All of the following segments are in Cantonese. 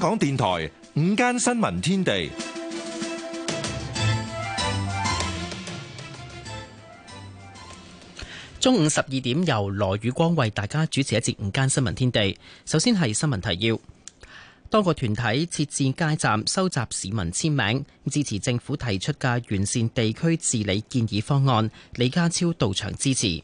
香港電台午間新聞天地，中午十二點由羅宇光為大家主持一節午間新聞天地。首先係新聞提要，多個團體設置街站收集市民簽名支持政府提出嘅完善地區治理建議方案。李家超到場支持。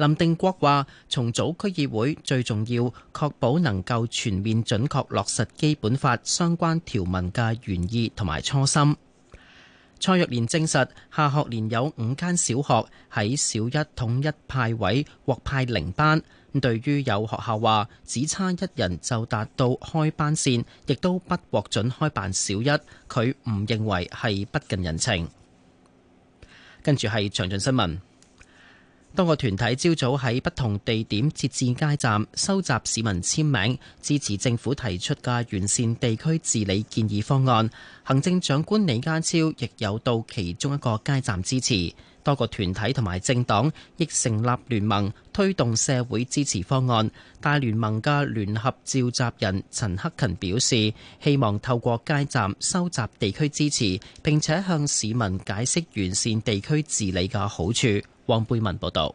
林定國話：重組區議會最重要，確保能夠全面準確落實基本法相關條文嘅原意同埋初心。蔡若蓮證實，下學年有五間小學喺小一統一派位獲派零班。對於有學校話只差一人就達到開班線，亦都不獲准開辦小一，佢唔認為係不近人情。跟住係詳盡新聞。多個團體朝早喺不同地點設置街站，收集市民簽名，支持政府提出嘅完善地區治理建議方案。行政長官李家超亦有到其中一個街站支持。多個團體同埋政黨亦成立聯盟，推動社會支持方案。大聯盟嘅聯合召集人陳克勤表示，希望透過街站收集地區支持，並且向市民解釋完善地區治理嘅好處。黃貝文報道。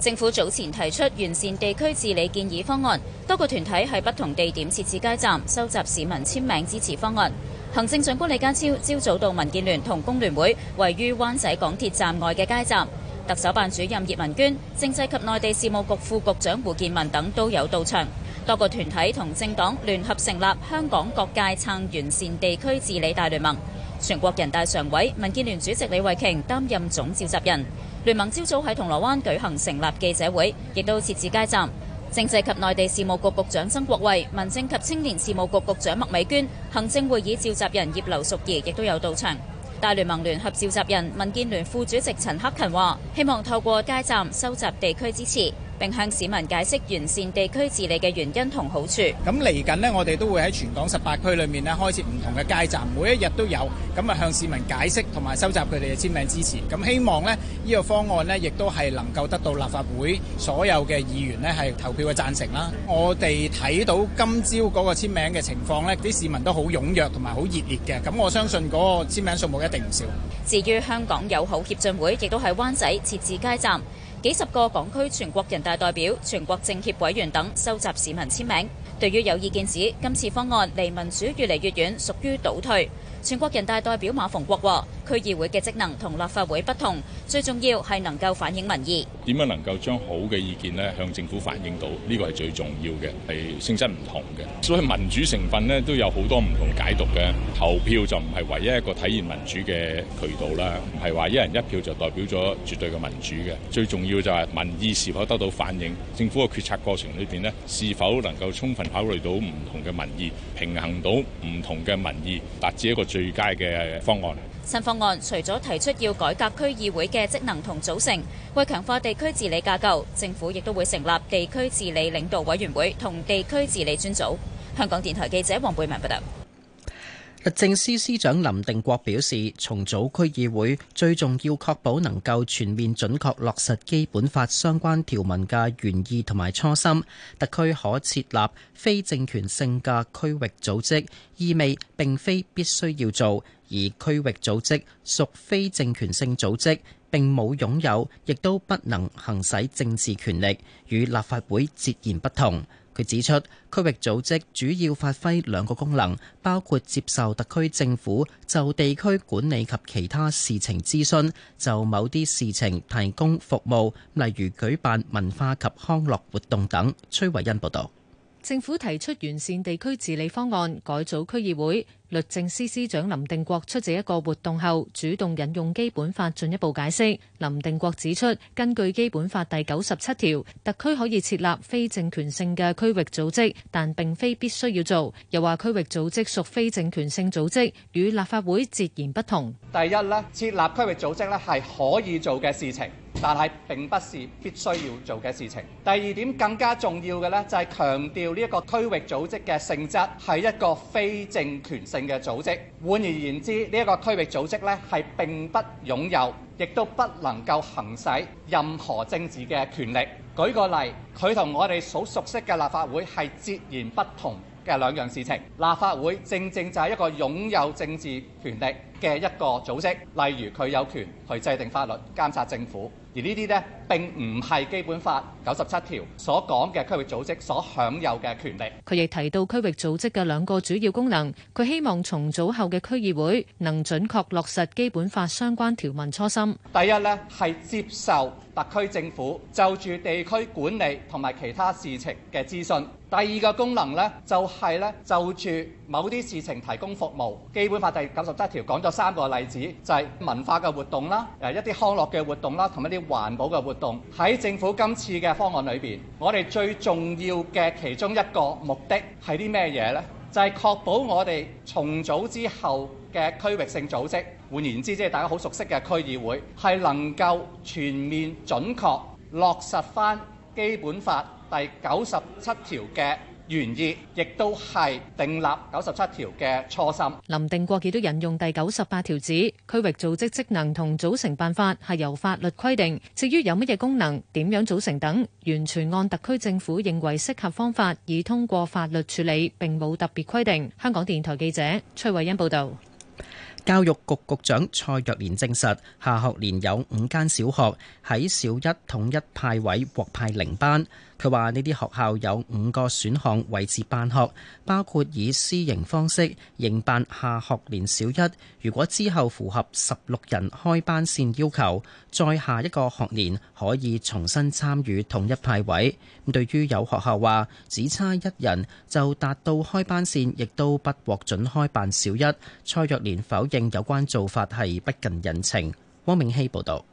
政府早前提出完善地區治理建議方案，多個團體喺不同地點設置街站，收集市民簽名支持方案。行政長官李家超朝早到民建聯同工聯會位於灣仔港鐵站外嘅街站，特首辦主任葉文娟、政制及內地事務局副局長胡建文等都有到場。多個團體同政黨聯合成立香港各界撐完善地區治理大聯盟，全國人大常委、民建聯主席李慧瓊擔任總召集人。聯盟朝早喺銅鑼灣舉行成立記者會，亦都設置街站。政制及內地事務局局長曾國衛、民政及青年事務局局長麥美娟、行政會議召集人葉劉淑儀亦都有到場。大聯盟聯合召集人、民建聯副主席陳克勤話，希望透過街站收集地區支持。並向市民解釋完善地區治理嘅原因同好處。咁嚟緊呢我哋都會喺全港十八區裏面呢開設唔同嘅街站，每一日都有。咁啊，向市民解釋同埋收集佢哋嘅簽名支持。咁希望呢呢個方案呢亦都係能夠得到立法會所有嘅議員呢係投票嘅贊成啦。我哋睇到今朝嗰個簽名嘅情況呢啲市民都好踴躍同埋好熱烈嘅。咁我相信嗰個簽名數目一定唔少。至於香港友好協進會，亦都喺灣仔設置街站。幾十個港區全國人大代表、全國政協委員等收集市民簽名。對於有意見指，今次方案離民主越嚟越遠，屬於倒退。全國人大代表馬逢國話：區議會嘅職能同立法會不同，最重要係能夠反映民意。點樣能夠將好嘅意見呢向政府反映到？呢個係最重要嘅，係性質唔同嘅，所以民主成分呢都有好多唔同的解讀嘅。投票就唔係唯一一個體現民主嘅渠道啦，唔係話一人一票就代表咗絕對嘅民主嘅。最重要就係民意是否得到反映，政府嘅決策過程裏面呢，是否能夠充分考慮到唔同嘅民意，平衡到唔同嘅民意，達至一個最佳嘅方案。新方案除咗提出要改革區議會嘅職能同組成，為強化地區治理架構，政府亦都會成立地區治理領導委員會同地區治理專組。香港電台記者黃貝文報道。律政司司長林定國表示，重組區議會最重要，確保能夠全面準確落實基本法相關條文嘅原意同埋初心。特區可設立非政權性嘅區域組織，意味並非必須要做，而區域組織屬非政權性組織，並冇擁有，亦都不能行使政治權力，與立法會截然不同。佢指出，區域組織主要發揮兩個功能，包括接受特區政府就地區管理及其他事情諮詢，就某啲事情提供服務，例如舉辦文化及康樂活動等。崔慧恩報導。政府提出完善地區治理方案、改組區議會。律政司司長林定國出席一個活動後，主動引用基本法進一步解釋，林定國指出，根據基本法第九十七條，特區可以設立非政權性嘅區域組織，但並非必須要做。又話區域組織屬非政權性組織，與立法會截然不同。第一咧，設立區域組織咧係可以做嘅事情。但係並不是必須要做嘅事情。第二點更加重要嘅呢，就係強調呢個區域組織嘅性質係一個非政權性嘅組織。換而言之，呢一個區域組織呢，係並不擁有，亦都不能夠行使任何政治嘅權力。舉個例，佢同我哋所熟悉嘅立法會係截然不同嘅兩樣事情。立法會正正就係一個擁有政治權力嘅一個組織，例如佢有權去制定法律、監察政府。而呢啲呢，並唔係基本法九十七條所講嘅區域組織所享有嘅權力。佢亦提到區域組織嘅兩個主要功能。佢希望重組後嘅區議會能準確落實基本法相關條文初心。第一呢係接受。特區政府就住地區管理同埋其他事情嘅諮詢。第二個功能呢，就係呢就住某啲事情提供服務。基本法第九十七條講咗三個例子，就係文化嘅活動啦，誒一啲康樂嘅活動啦，同一啲環保嘅活動。喺政府今次嘅方案裏面，我哋最重要嘅其中一個目的係啲咩嘢呢？就係確保我哋重組之後。嘅區域性組織，換言之，即係大家好熟悉嘅區議會，係能夠全面準確落實翻《基本法》第九十七條嘅原意，亦都係訂立九十七條嘅初心。林定國亦都引用第九十八條指，區域組織職能同組成辦法係由法律規定，至於有乜嘢功能、點樣組成等，完全按特區政府認為適合方法，以通過法律處理，並冇特別規定。香港電台記者崔慧恩報導。教育局局長蔡若蓮證實，下學年有五間小學喺小一統一派位獲派零班。佢話呢啲學校有五個選項位置辦學，包括以私營方式營辦下學年小一。如果之後符合十六人開班線要求，再下一個學年可以重新參與統一派位。咁對於有學校話只差一人就達到開班線，亦都不獲准開辦小一，蔡若蓮否應有關做法係不近人情。汪明希報道。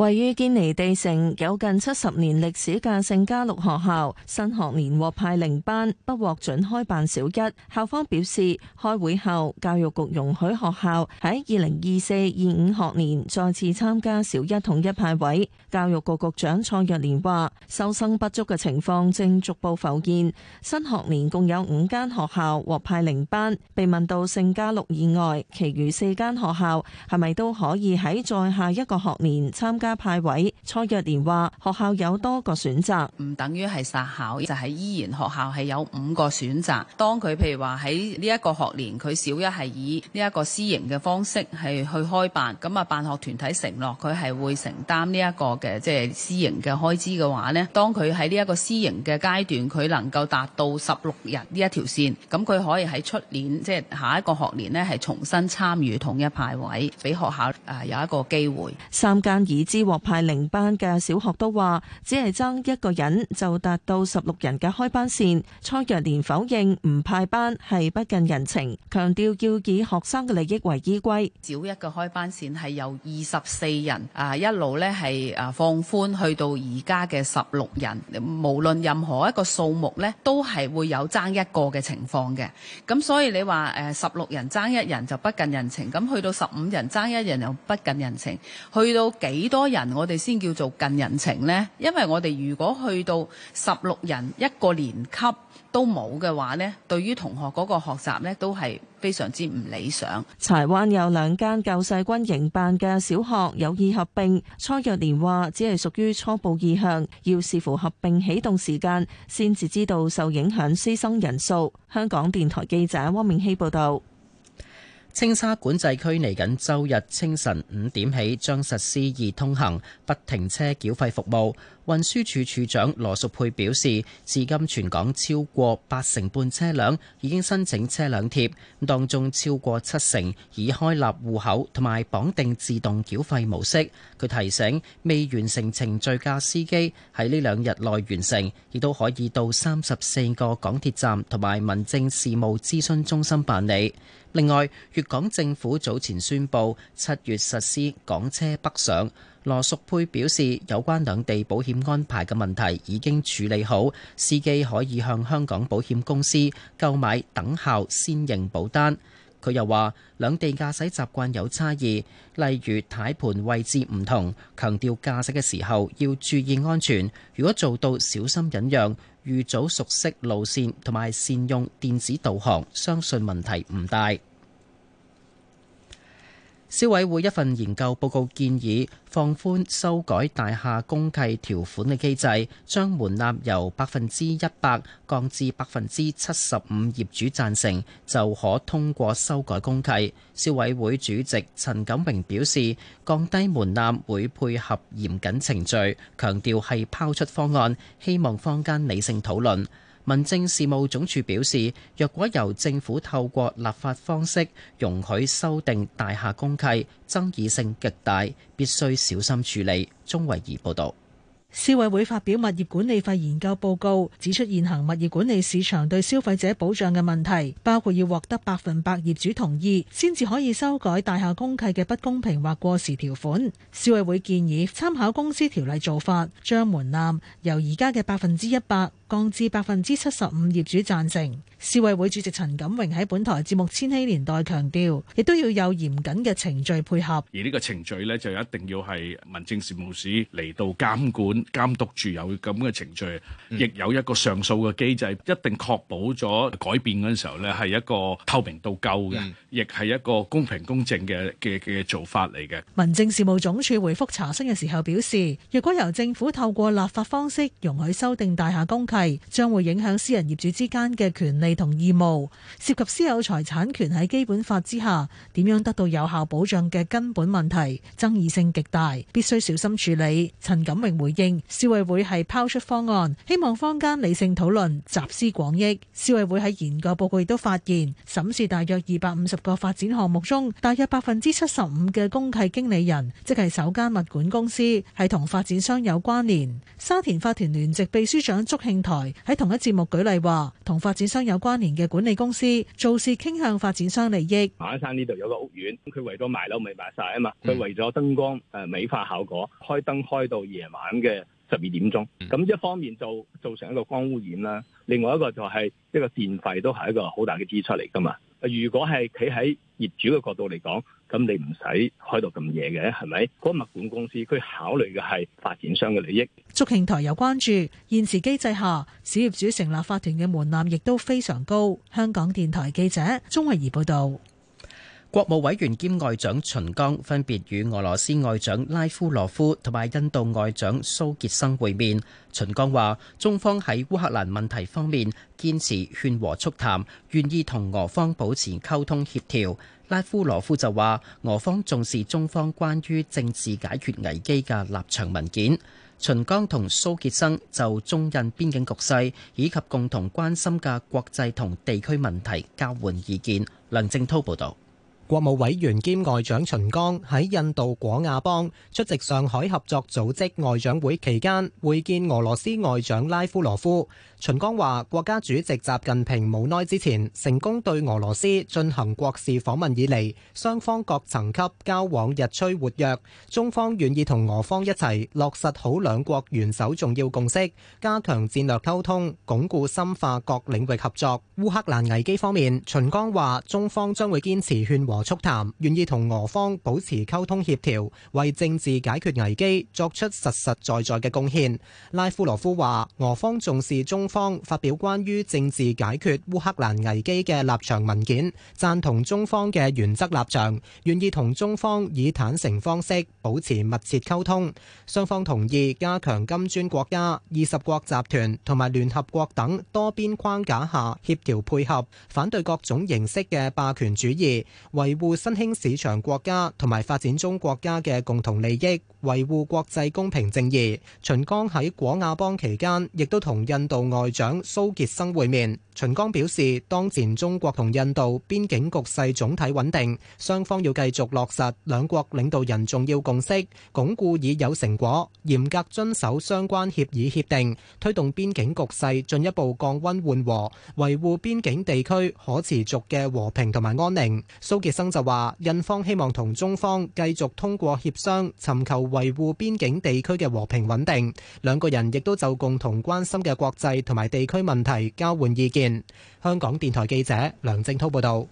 位於堅尼地城、有近七十年歷史嘅聖嘉祿學校，新學年獲派零班，不獲准開辦小一。校方表示，開會後教育局容許學校喺二零二四二五學年再次參加小一統一派位。教育局局長蔡若蓮話：收生不足嘅情況正逐步浮現。新學年共有五間學校獲派零班。被問到聖嘉祿以外，其餘四間學校係咪都可以喺再下一個學年參加派位，蔡若蓮話學校有多個選擇，唔等於係殺校就係、是、依然學校係有五個選擇。當佢譬如話喺呢一個學年，佢小一係以呢一個私營嘅方式係去開辦，咁啊辦學團體承諾佢係會承擔呢一個嘅即係私營嘅開支嘅話呢當佢喺呢一個私營嘅階段，佢能夠達到十六日呢一條線，咁佢可以喺出年即係、就是、下一個學年咧係重新參與統一派位，俾學校啊有一個機會。三間已知，獲派零班嘅小學都話，只係爭一個人就達到十六人嘅開班線。蔡若蓮否認唔派班係不近人情，強調要以學生嘅利益為依歸。少一個開班線係由二十四人啊一路咧係啊放寬去到而家嘅十六人，無論任何一個數目咧都係會有爭一個嘅情況嘅。咁所以你話誒十六人爭一人就不近人情，咁去到十五人爭一人又不近人情，去到幾多人？人我哋先叫做近人情呢，因為我哋如果去到十六人一個年級都冇嘅話呢，呢對於同學嗰個學習咧都係非常之唔理想。柴灣有兩間救世軍營辦嘅小學有意合併，初若年話只係屬於初步意向，要視乎合併啟動時間先至知道受影響師生人數，香港電台記者汪明希報道。青沙管制區嚟緊周日清晨五點起將實施易通行不停車繳費服務。運輸署署長羅淑佩表示，至今全港超過八成半車輛已經申請車輛貼，當中超過七成已開立戶口同埋綁定自動繳費模式。佢提醒，未完成程序嘅司機喺呢兩日內完成，亦都可以到三十四個港鐵站同埋民政事務諮詢中心辦理。另外，粵港政府早前宣佈七月實施港車北上。羅淑佩表示，有關兩地保險安排嘅問題已經處理好，司機可以向香港保險公司購買等效先認保單。佢又話兩地駕駛習慣有差異，例如軚盤位置唔同，強調駕駛嘅時候要注意安全。如果做到小心忍讓，預早熟悉路線同埋善用電子導航，相信問題唔大。消委會一份研究報告建議放寬修改大廈公契條款嘅機制，將門檻由百分之一百降至百分之七十五，業主贊成就可通過修改公契。消委會主席陳錦榮表示，降低門檻會配合嚴謹程序，強調係拋出方案，希望坊間理性討論。民政事務總署表示，若果由政府透過立法方式容許修訂大廈公契，爭議性極大，必須小心處理。鍾慧儀報道，消委會發表物業管理費研究報告，指出現行物業管理市場對消費者保障嘅問題，包括要獲得百分百業主同意先至可以修改大廈公契嘅不公平或過時條款。消委會建議參考公司條例做法，將門檻由而家嘅百分之一百降至百分之七十五，業主贊成。市委會主席陳錦榮喺本台節目《千禧年代》強調，亦都要有嚴謹嘅程序配合。而呢個程序咧，就一定要係民政事務署嚟到監管、監督住有咁嘅程序，亦有一個上訴嘅機制，一定確保咗改變嗰陣時候咧係一個透明度夠嘅，亦係一個公平公正嘅嘅嘅做法嚟嘅。民政事務總署回覆查詢嘅時候表示，若果由政府透過立法方式容許修訂大廈公契。將會影響私人業主之間嘅權利同義務，涉及私有財產權喺基本法之下點樣得到有效保障嘅根本問題，爭議性極大，必須小心處理。陳錦榮回應，消委會係拋出方案，希望坊間理性討論，集思廣益。消委會喺研究報告亦都發現，審視大約二百五十個發展項目中，大約百分之七十五嘅公契經理人，即係首間物管公司，係同發展商有關聯。沙田法團聯席秘書長祝慶。台喺同一節目舉例話，同發展商有關聯嘅管理公司做事傾向發展商利益。馬鞍山呢度有個屋苑，佢為咗賣樓未賣晒啊嘛，佢為咗燈光誒美化效果，開燈開到夜晚嘅十二點鐘。咁一方面造造成一個光污染啦，另外一個就係一個電費都係一個好大嘅支出嚟㗎嘛。如果係企喺業主嘅角度嚟講，咁你唔使開到咁夜嘅，係咪？嗰物管公司佢考慮嘅係發展商嘅利益。觸興台有關注現時機制下，小業主成立法團嘅門檻亦都非常高。香港電台記者鍾慧儀報道。國務委員兼外長秦剛分別與俄羅斯外長拉夫羅夫同埋印度外長蘇杰生會面。秦剛話：中方喺烏克蘭問題方面堅持勸和促談，願意同俄方保持溝通協調。拉夫羅夫就話：俄方重視中方關於政治解決危機嘅立場文件。秦剛同蘇杰生就中印邊境局勢以及共同關心嘅國際同地區問題交換意見。梁正濤報道。國務委員兼外長秦剛喺印度果亞邦出席上海合作組織外長會期間會見俄羅斯外長拉夫羅夫。秦剛話：國家主席習近平無耐之前成功對俄羅斯進行國事訪問以嚟，雙方各層級交往日趨活躍，中方願意同俄方一齊落實好兩國元首重要共識，加強戰略溝通，鞏固深化各領域合作。烏克蘭危機方面，秦剛話：中方將會堅持勸和。促談，願意同俄方保持溝通協調，為政治解決危機作出實實在在嘅貢獻。拉夫羅夫話：俄方重視中方發表關於政治解決烏克蘭危機嘅立場文件，贊同中方嘅原則立場，願意同中方以坦誠方式保持密切溝通。雙方同意加強金磚國家、二十國集團同埋聯合國等多邊框架下協調配合，反對各種形式嘅霸權主義，為維護新興市場國家同埋發展中國家嘅共同利益，維護國際公平正義。秦剛喺果阿邦期間，亦都同印度外長蘇傑生會面。秦剛表示，當前中國同印度邊境局勢總體穩定，雙方要繼續落實兩國領導人重要共識，鞏固已有成果，嚴格遵守相關協議協定，推動邊境局勢進一步降溫緩和，維護邊境地區可持續嘅和平同埋安寧。蘇傑，就話，印方希望同中方繼續通過協商，尋求維護邊境地區嘅和平穩定。兩個人亦都就共同關心嘅國際同埋地區問題交換意見。香港電台記者梁正濤報導。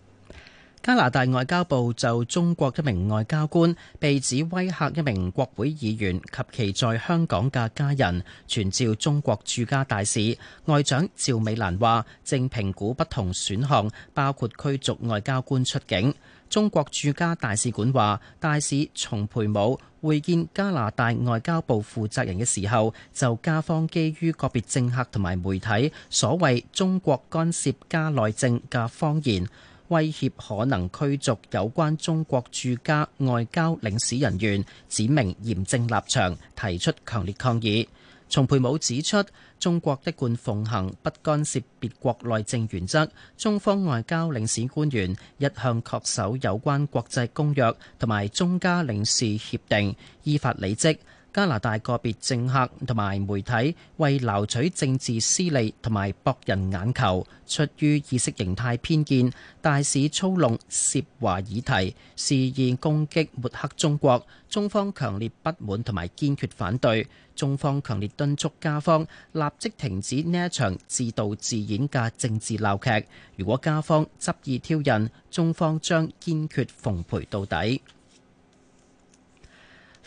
加拿大外交部就中國一名外交官被指威嚇一名國會議員及其在香港嘅家人，傳召中國駐加大使。外長趙美蘭話，正評估不同選項，包括驅逐外交官出境。中國駐加大使館話，大使叢培武會見加拿大外交部負責人嘅時候，就加方基於個別政客同埋媒體所謂中國干涉加內政嘅謊言，威脅可能驅逐有關中國駐加外交領事人員，指明嚴正立場，提出強烈抗議。叢培武指出，中國一貫奉行不干涉別國內政原則，中方外交領事官員一向恪守有關國際公約同埋中加領事協定，依法履職。加拿大個別政客同埋媒體為撈取政治私利同埋博人眼球，出於意識形態偏見，大肆操弄涉華議題，肆意攻擊抹黑中國。中方強烈不滿同埋堅決反對，中方強烈敦促加方立即停止呢一場自導自演嘅政治鬧劇。如果加方執意挑釁，中方將堅決奉陪到底。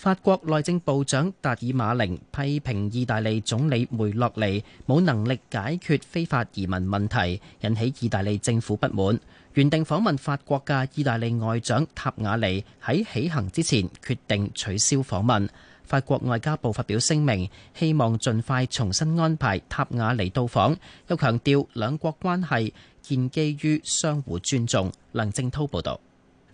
法國內政部長達爾馬寧批評意大利總理梅洛尼冇能力解決非法移民問題，引起意大利政府不滿。原定訪問法國嘅意大利外長塔瓦尼喺起行之前決定取消訪問。法國外交部發表聲明，希望盡快重新安排塔瓦尼到訪，又強調兩國關係建基於相互尊重。梁正滔報導。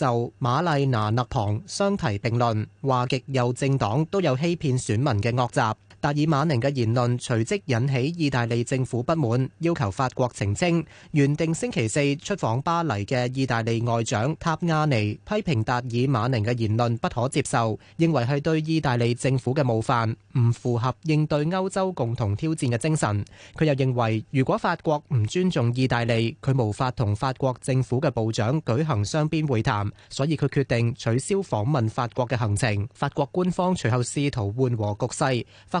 就馬麗娜勒龐相提並論，話極右政黨都有欺騙選民嘅惡習。達爾馬寧嘅言論隨即引起意大利政府不滿，要求法國澄清。原定星期四出訪巴黎嘅意大利外長塔亞尼批評達爾馬寧嘅言論不可接受，認為係對意大利政府嘅冒犯，唔符合應對歐洲共同挑戰嘅精神。佢又認為，如果法國唔尊重意大利，佢無法同法國政府嘅部長舉行雙邊會談，所以佢決定取消訪問法國嘅行程。法國官方隨後試圖緩和局勢，法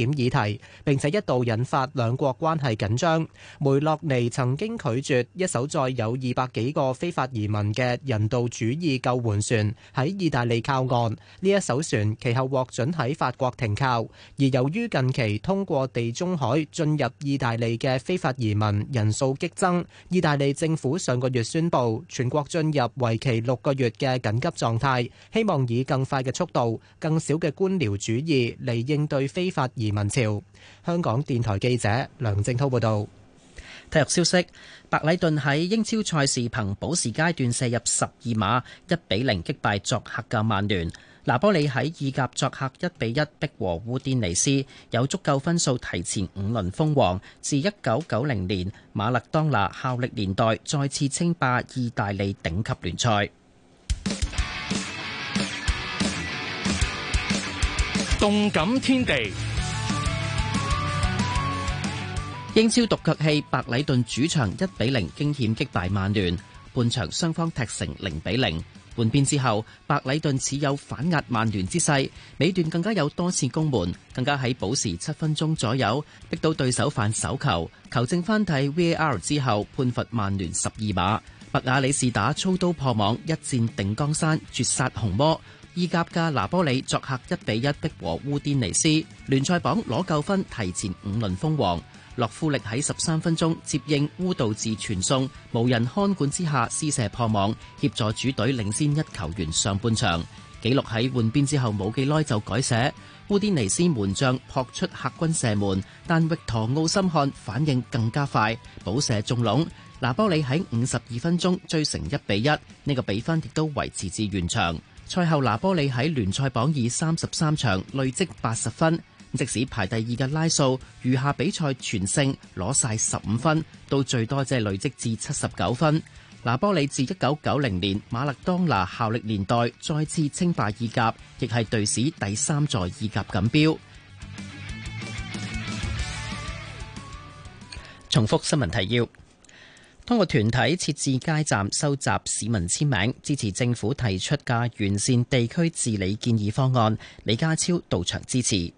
議題，並且一度引發兩國關係緊張。梅洛尼曾經拒絕一艘載有二百幾個非法移民嘅人道主義救援船喺意大利靠岸，呢一艘船其後獲准喺法國停靠。而由於近期通過地中海進入意大利嘅非法移民人數激增，意大利政府上個月宣布全國進入為期六個月嘅緊急狀態，希望以更快嘅速度、更少嘅官僚主義嚟應對非法移。文潮，香港電台記者梁正濤報道。體育消息：白禮頓喺英超賽事憑補時階段射入十二碼，一比零擊敗作客嘅曼聯。拿波里喺意甲作客一比一逼和烏甸尼斯，有足夠分數提前五輪封王，自一九九零年馬勒當拿效力年代再次稱霸意大利頂級聯賽。動感天地。英超獨腳戲，白禮頓主場一比零驚險擊敗曼聯，半場雙方踢成零比零，換邊之後白禮頓持有反壓曼聯之勢，尾段更加有多次攻門，更加喺補時七分鐘左右逼到對手犯手球，球證翻睇 V A R 之後判罰曼聯十二碼，麥亞里士打操刀破網一戰定江山絕殺紅魔。意甲加拿波里作客一比一逼和烏甸尼斯，聯賽榜攞夠分提前五輪封王。洛夫力喺十三分鐘接應烏道治傳送，無人看管之下施射破網，協助主隊領先一球員上半場。紀錄喺換邊之後冇幾耐就改寫。烏丁尼斯門將撲出客軍射門，但域陀奧森漢反應更加快，補射中籠。拿波里喺五十二分鐘追成一比一，呢個比分亦都維持至完場。賽後拿波里喺聯賽榜以三十三場累積八十分。即使排第二嘅拉素，餘下比賽全勝攞晒十五分，到最多只累積至七十九分。拿波利自一九九零年馬勒當拿效力年代再次稱霸意甲，亦係隊史第三座意甲錦標。重複新聞提要：通過團體設置街站收集市民簽名，支持政府提出嘅完善地區治理建議方案。李家超到場支持。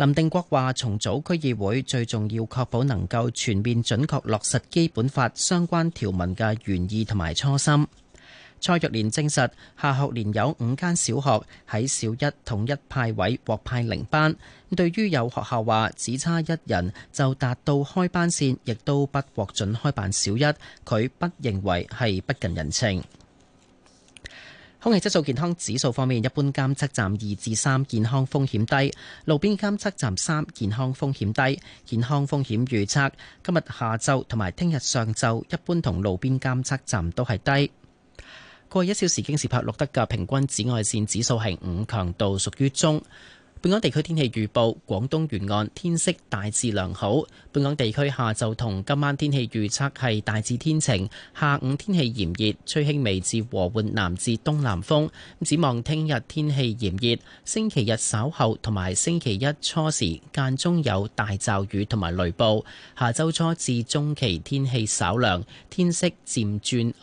林定國話重組區議會最重要，確保能夠全面準確落實基本法相關條文嘅原意同埋初心。蔡若蓮證實，下學年有五間小學喺小一統一派位獲派零班。對於有學校話只差一人就達到開班線，亦都不獲准開辦小一，佢不認為係不近人情。空氣質素健康指數方面，一般監測站二至三，健康風險低；路邊監測站三，健康風險低。健康風險預測今日下晝同埋聽日上晝，一般同路邊監測站都係低。過去一小時京士柏錄得嘅平均紫外線指數係五，強度屬於中。本港地區天氣預報：廣東沿岸天色大致良好。本港地區下晝同今晚天氣預測係大致天晴，下午天氣炎熱，吹輕微至和緩南至東南風。咁展望聽日天氣炎熱，星期日稍後同埋星期一初時間中有大驟雨同埋雷暴。下週初至中期天氣稍涼，天色漸轉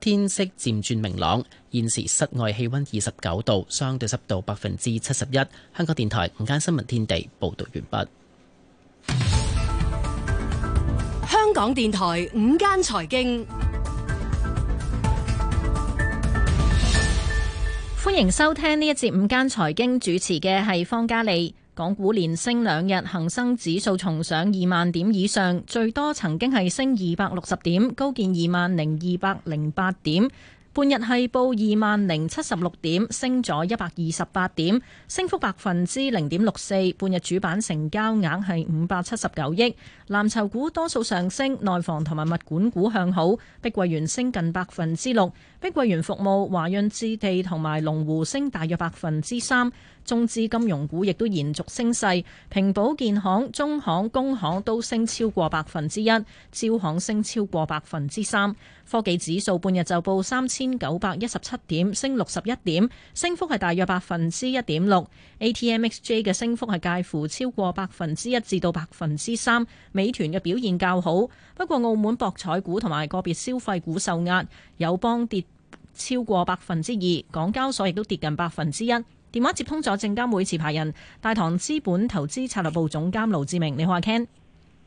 天色漸轉明朗。現時室外氣溫二十九度，相對濕度百分之七十一。香港電台午間新聞天地報道完畢。香港電台午間財經，歡迎收聽呢一節午間財經，主持嘅係方嘉利。港股連升兩日，恒生指數重上二萬點以上，最多曾經係升二百六十點，高見二萬零二百零八點。半日係報二萬零七十六點，升咗一百二十八點，升幅百分之零點六四。半日主板成交額係五百七十九億，藍籌股多數上升，內房同埋物管股向好。碧桂園升近百分之六，碧桂園服務、華潤置地同埋龍湖升大約百分之三。中資金融股亦都延續升勢，平保、建行、中行、工行都升超過百分之一，招行升超過百分之三。科技指數半日就報三千九百一十七點，升六十一點，升幅係大約百分之一點六。A T M X J 嘅升幅係介乎超過百分之一至到百分之三。美團嘅表現較好，不過澳門博彩股同埋個別消費股受壓，友邦跌超過百分之二，港交所亦都跌近百分之一。電話接通咗證監會持牌人大唐資本投資策略部總監盧志明，你好阿 Ken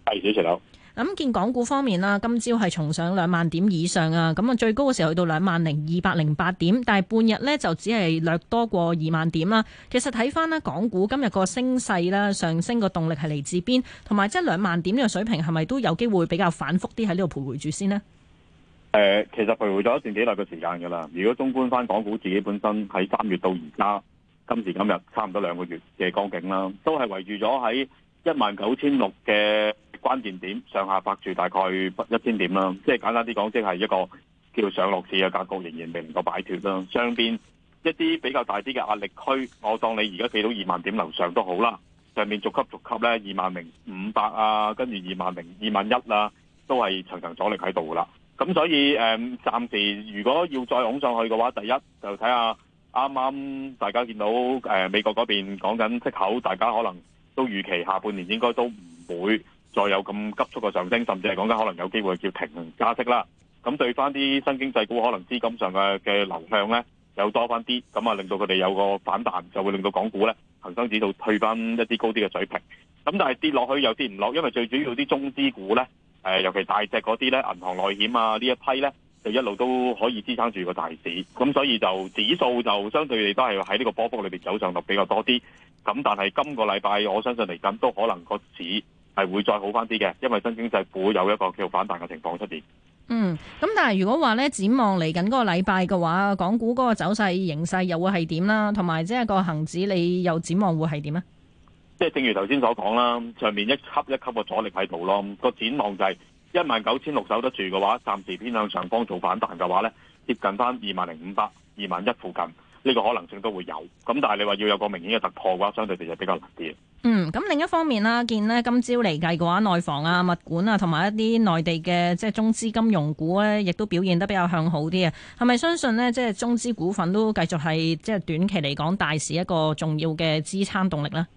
係，主持人。咁見港股方面啦，今朝係重上兩萬點以上啊，咁啊最高嘅時候去到兩萬零二百零八點，但係半日呢就只係略多過二萬點啦。其實睇翻呢港股今日個升勢啦，上升個動力係嚟自邊，同埋即係兩萬點呢個水平係咪都有機會比較反覆啲喺呢度徘徊住先呢？誒，其實徘徊咗一段幾耐嘅時間㗎啦。如果中觀翻港股自己本身喺三月到而家。今時今日差唔多兩個月嘅光景啦，都係圍住咗喺一萬九千六嘅關鍵點上下拍住，大概一千點啦。即係簡單啲講，即係一個叫上落市嘅格局，仍然未能夠擺脫啦。上邊一啲比較大啲嘅壓力區，我當你而家企到二萬點樓上都好啦。上面逐級逐級咧，二萬零五百啊，跟住二萬零二萬一啊，都係層層阻力喺度噶啦。咁所以誒、嗯，暫時如果要再拱上去嘅話，第一就睇下。啱啱大家見到誒、呃、美國嗰邊講緊息口，大家可能都預期下半年應該都唔會再有咁急速嘅上升，甚至係講緊可能有機會叫停加息啦。咁對翻啲新經濟股，可能資金上嘅嘅流向呢又多翻啲，咁啊令到佢哋有個反彈，就會令到港股呢恒生指數退翻一啲高啲嘅水平。咁但係跌落去有啲唔落，因為最主要啲中資股呢、呃，尤其大隻嗰啲呢，銀行內險啊呢一批呢。就一路都可以支撐住個大市，咁所以就指數就相對地都係喺呢個波幅裏邊走上落比較多啲。咁但係今個禮拜我相信嚟緊都可能個市係會再好翻啲嘅，因為新經濟股有一個叫反彈嘅情況出現。嗯，咁但係如果話咧，展望嚟緊嗰個禮拜嘅話，港股嗰個走勢形勢又會係點啦？同埋即係個恒指你又展望會係點啊？即係正如頭先所講啦，上面一級一級嘅阻力喺度咯，個展望就係。一萬九千六守得住嘅話，暫時偏向上方做反彈嘅話呢，接近返二萬零五百、二萬一附近，呢個可能性都會有。咁但係你話要有個明顯嘅突破嘅話，相對地就比較難啲。嗯，咁另一方面啦，見呢今朝嚟計嘅話，內房啊、物管啊，同埋一啲內地嘅即係中資金融股呢，亦都表現得比較向好啲啊。係咪相信呢？即係中資股份都繼續係即係短期嚟講大市一個重要嘅支撐動力呢？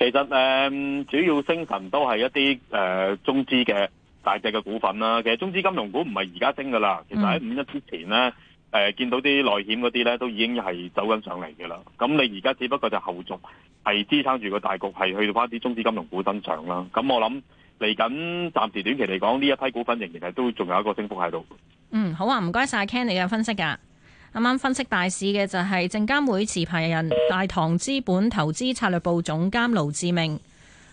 其實誒、嗯，主要星騰都係一啲誒、呃、中資嘅。大隻嘅股份啦，其實中資金融股唔係而家升㗎啦、嗯，其實喺五一之前呢，誒、呃、見到啲內險嗰啲咧都已經係走緊上嚟嘅啦。咁你而家只不過就後續係支撐住個大局，係去到翻啲中資金融股登場啦。咁我諗嚟緊暫時短期嚟講，呢一批股份仍然係都仲有一個升幅喺度。嗯，好啊，唔該晒。Ken 你嘅分析㗎、啊。啱啱分析大市嘅就係證監會持牌人大唐資本投資策略部總監盧志明。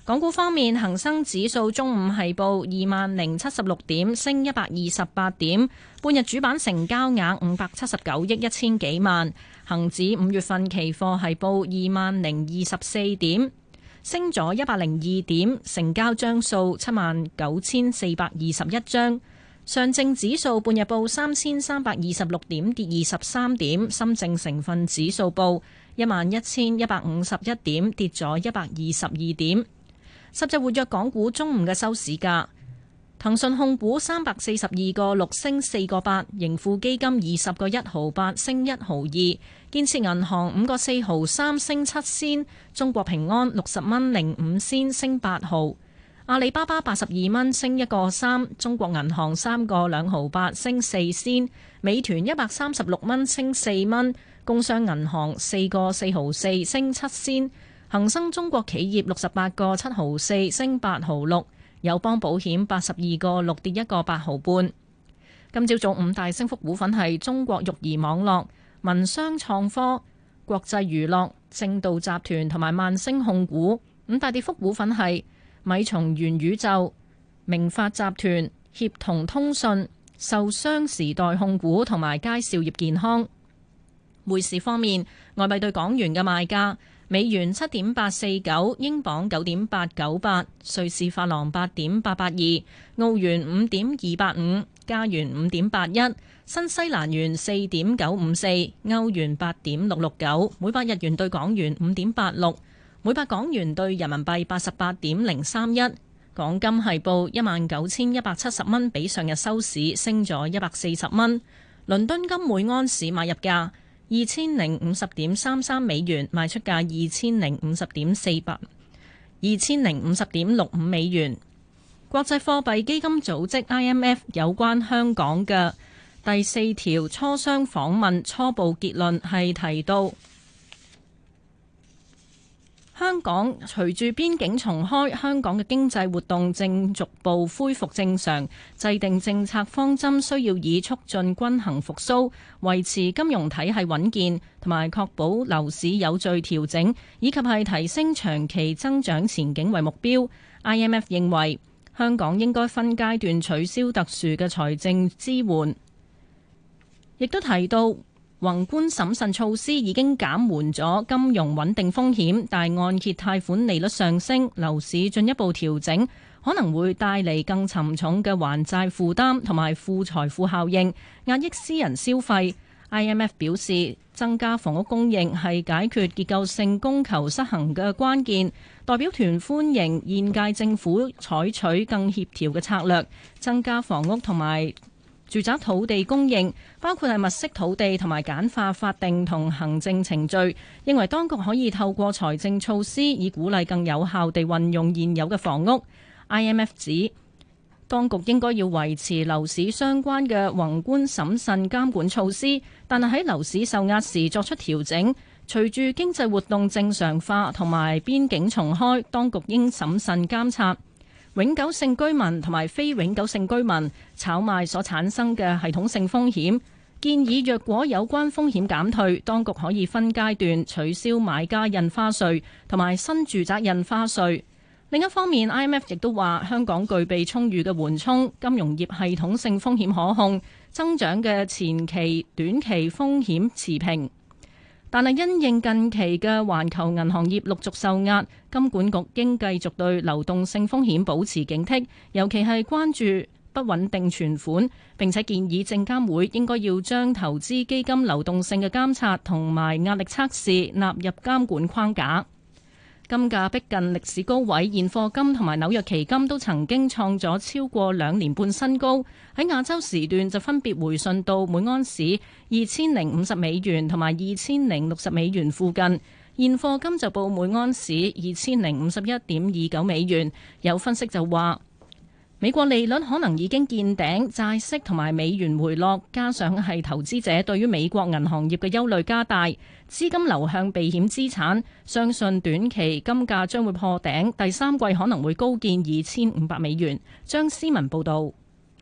港股方面，恒生指數中午係報二萬零七十六點，升一百二十八點。半日主板成交額五百七十九億一千幾萬。恒指五月份期貨係報二萬零二十四點，升咗一百零二點，成交張數七萬九千四百二十一張。上證指數半日報三千三百二十六點，跌二十三點。深證成分指數報一萬一千一百五十一點，跌咗一百二十二點。十隻活躍港股中午嘅收市價，騰訊控股三百四十二個六升四個八，盈富基金二十個一毫八升一毫二，建設銀行五個四毫三升七仙，中國平安六十蚊零五仙升八毫，阿里巴巴八十二蚊升一個三，中國銀行三個兩毫八升四仙，美團一百三十六蚊升四蚊，工商銀行四個四毫四升七仙。恒生中國企業六十八個七毫四升八毫六，友邦保險八十二個六跌一個八毫半。今朝早五大升幅股份係中國育兒網絡、民商創科、國際娛樂、正道集團同埋萬星控股。五大跌幅股份係米松元宇宙、明發集團、協同通訊、受傷時代控股同埋佳兆業健康。匯市方面，外幣對港元嘅賣價。美元七點八四九，英鎊九點八九八，瑞士法郎八點八八二，澳元五點二八五，加元五點八一，新西蘭元四點九五四，歐元八點六六九，每百日元對港元五點八六，每百港元對人民幣八十八點零三一。港金係報一萬九千一百七十蚊，比上日收市升咗一百四十蚊。倫敦金每安士買入價。二千零五十點三三美元，賣出價二千零五十點四八，二千零五十點六五美元。國際貨幣基金組織 （IMF） 有關香港嘅第四條磋商訪問初步結論係提到。香港隨住邊境重開，香港嘅經濟活動正逐步恢復正常。制定政策方針需要以促進均衡復甦、維持金融體系穩健、同埋確保樓市有序調整，以及係提升長期增長前景為目標。IMF 認為香港應該分階段取消特殊嘅財政支援，亦都提到。宏觀審慎措施已經減緩咗金融穩定風險，但按揭貸款利率上升、樓市進一步調整，可能會帶嚟更沉重嘅還債負擔同埋負財富效應壓抑私人消費。IMF 表示，增加房屋供應係解決結構性供求失衡嘅關鍵。代表團歡迎現屆政府採取更協調嘅策略，增加房屋同埋。住宅土地供應包括係物色土地同埋簡化法定同行政程序，認為當局可以透過財政措施以鼓勵更有效地運用現有嘅房屋。IMF 指，當局應該要維持樓市相關嘅宏觀審慎監管措施，但係喺樓市受壓時作出調整。隨住經濟活動正常化同埋邊境重開，當局應審慎監察。永久性居民同埋非永久性居民炒賣所產生嘅系統性風險，建議若果有關風險減退，當局可以分階段取消買家印花稅同埋新住宅印花稅。另一方面，IMF 亦都話香港具備充裕嘅緩衝，金融業系統性風險可控，增長嘅前期短期風險持平。但係因應近期嘅環球銀行業陸續受壓，金管局應繼續對流動性風險保持警惕，尤其係關注不穩定存款。並且建議證監會應該要將投資基金流動性嘅監察同埋壓力測試納入監管框架。金價逼近歷史高位，現貨金同埋紐約期金都曾經創咗超過兩年半新高，喺亞洲時段就分別回信到每安士二千零五十美元同埋二千零六十美元附近，現貨金就報每安士二千零五十一點二九美元，有分析就話。美國利率可能已經見頂，債息同埋美元回落，加上係投資者對於美國銀行業嘅憂慮加大，資金流向避險資產，相信短期金價將會破頂，第三季可能會高見二千五百美元。張思文報道，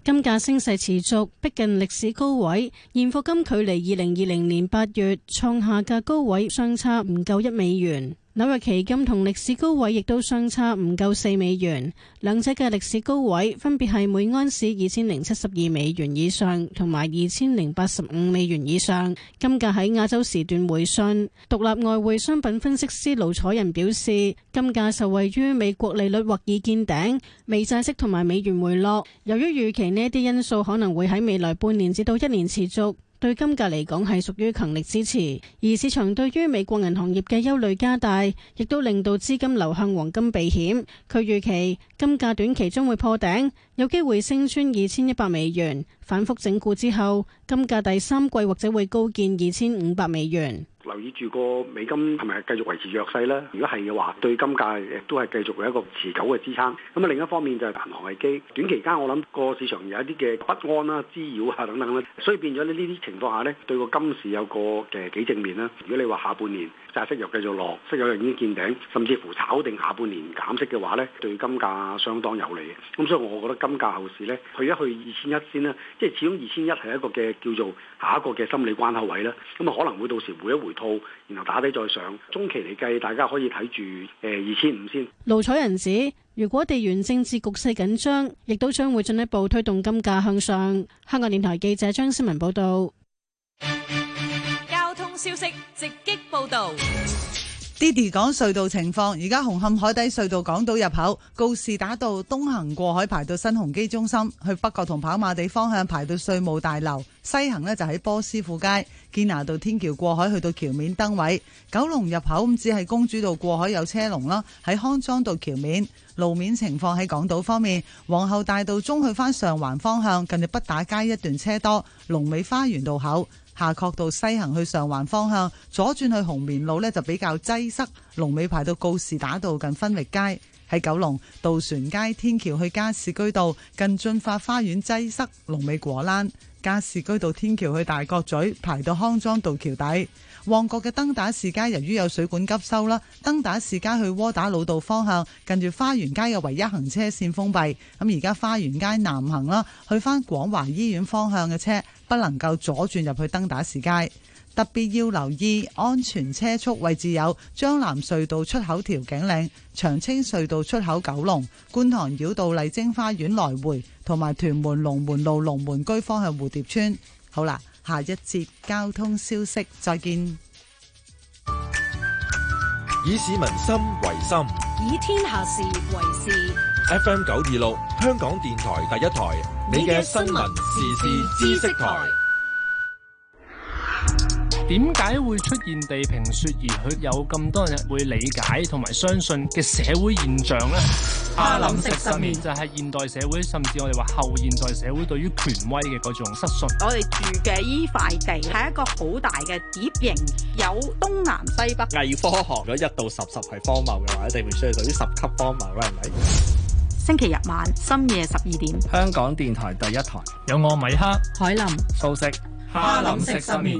金價升勢持續逼近歷史高位，現貨金距離二零二零年八月創下嘅高位相差唔夠一美元。紐約期金同歷史高位亦都相差唔夠四美元，兩者嘅歷史高位分別係每安士二千零七十二美元以上，同埋二千零八十五美元以上。金價喺亞洲時段回信。獨立外匯商品分析師盧楚仁表示，金價受惠於美國利率或已見頂，美債息同埋美元回落，由於預期呢啲因素可能會喺未來半年至到一年持續，對金價嚟講係屬於強力支持，而市場對於美國銀行業嘅憂慮加大，亦都令到資金流向黃金避險。佢預期金價短期將會破頂，有機會升穿二千一百美元。反覆整固之後，金價第三季或者會高見二千五百美元。留意住個美金係咪繼續維持弱勢咧？如果係嘅話，對金價亦都係繼續有一個持久嘅支撐。咁啊，另一方面就係銀行危機，短期間我諗個市場有一啲嘅不安啊、滋擾啊等等啦，所以變咗咧呢啲情況下咧，對個金市有個嘅幾正面啦。如果你話下半年債息又繼續落，息又又已經見頂，甚至乎炒定下半年減息嘅話咧，對金價相當有利。咁所以，我覺得金價後市咧去一去二千一先啦。即係始終二千一係一個嘅叫做下一個嘅心理關口位啦，咁啊可能會到時回一回套，然後打低再上。中期嚟計，大家可以睇住誒二千五先。盧彩人指，如果地緣政治局勢緊張，亦都將會進一步推動金價向上。香港電台記者張新文報道。交通消息直擊報道。d i 港 y 講隧道情況，而家紅磡海底隧道港島入口告士打道東行過海排到新鴻基中心，去北角同跑馬地方向排到稅務大樓；西行呢就喺波斯富街堅拿道天橋過海去到橋面燈位。九龍入口咁只係公主道過海有車龍啦，喺康莊道橋面路面情況喺港島方面，皇后大道中去返上環方向，近住北打街一段車多，龍尾花園路口。夏愨道西行去上環方向，左轉去紅棉路呢就比較擠塞，龍尾排到告士打道近分域街。喺九龍渡船街天橋去加士居道近駿發花園擠塞龍尾果欄，加士居道天橋去大角咀排到康莊道橋底，旺角嘅登打士街由於有水管急修啦，登打士街去窩打老道方向近住花園街嘅唯一行車綫封閉，咁而家花園街南行啦，去返廣華醫院方向嘅車不能夠左轉入去登打士街。特別要留意安全車速位置有：江南隧道出口、調景嶺、長青隧道出口九龍、九龍觀塘繞道麗晶花園來回，同埋屯門龍門路龍門居方向蝴蝶村。好啦，下一節交通消息，再見。以市民心為心，以天下事為事。F M 九二六，香港電台第一台，你嘅新聞時事知識台。點解會出現地平說而佢有咁多人會理解同埋相信嘅社會現象呢？哈林，哈林式失眠就係現代社會甚至我哋話後現代社會對於權威嘅嗰種失信。我哋住嘅呢塊地係一個好大嘅碟形，有東南西北。偽科學，如果一到十十係荒謬嘅話，一定需要到啲十級荒謬啦，係咪？星期日晚深夜十二點，香港電台第一台有我米哈、海林、素食。哈林式失眠。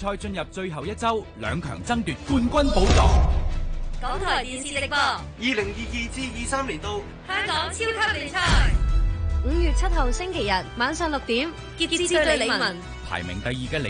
賽進入最後一周，兩強爭奪冠軍寶座。港台電視直播二零二二至二三年度香港超級聯賽，五月七號星期日晚上六點，傑志對理文，排名第二嘅理。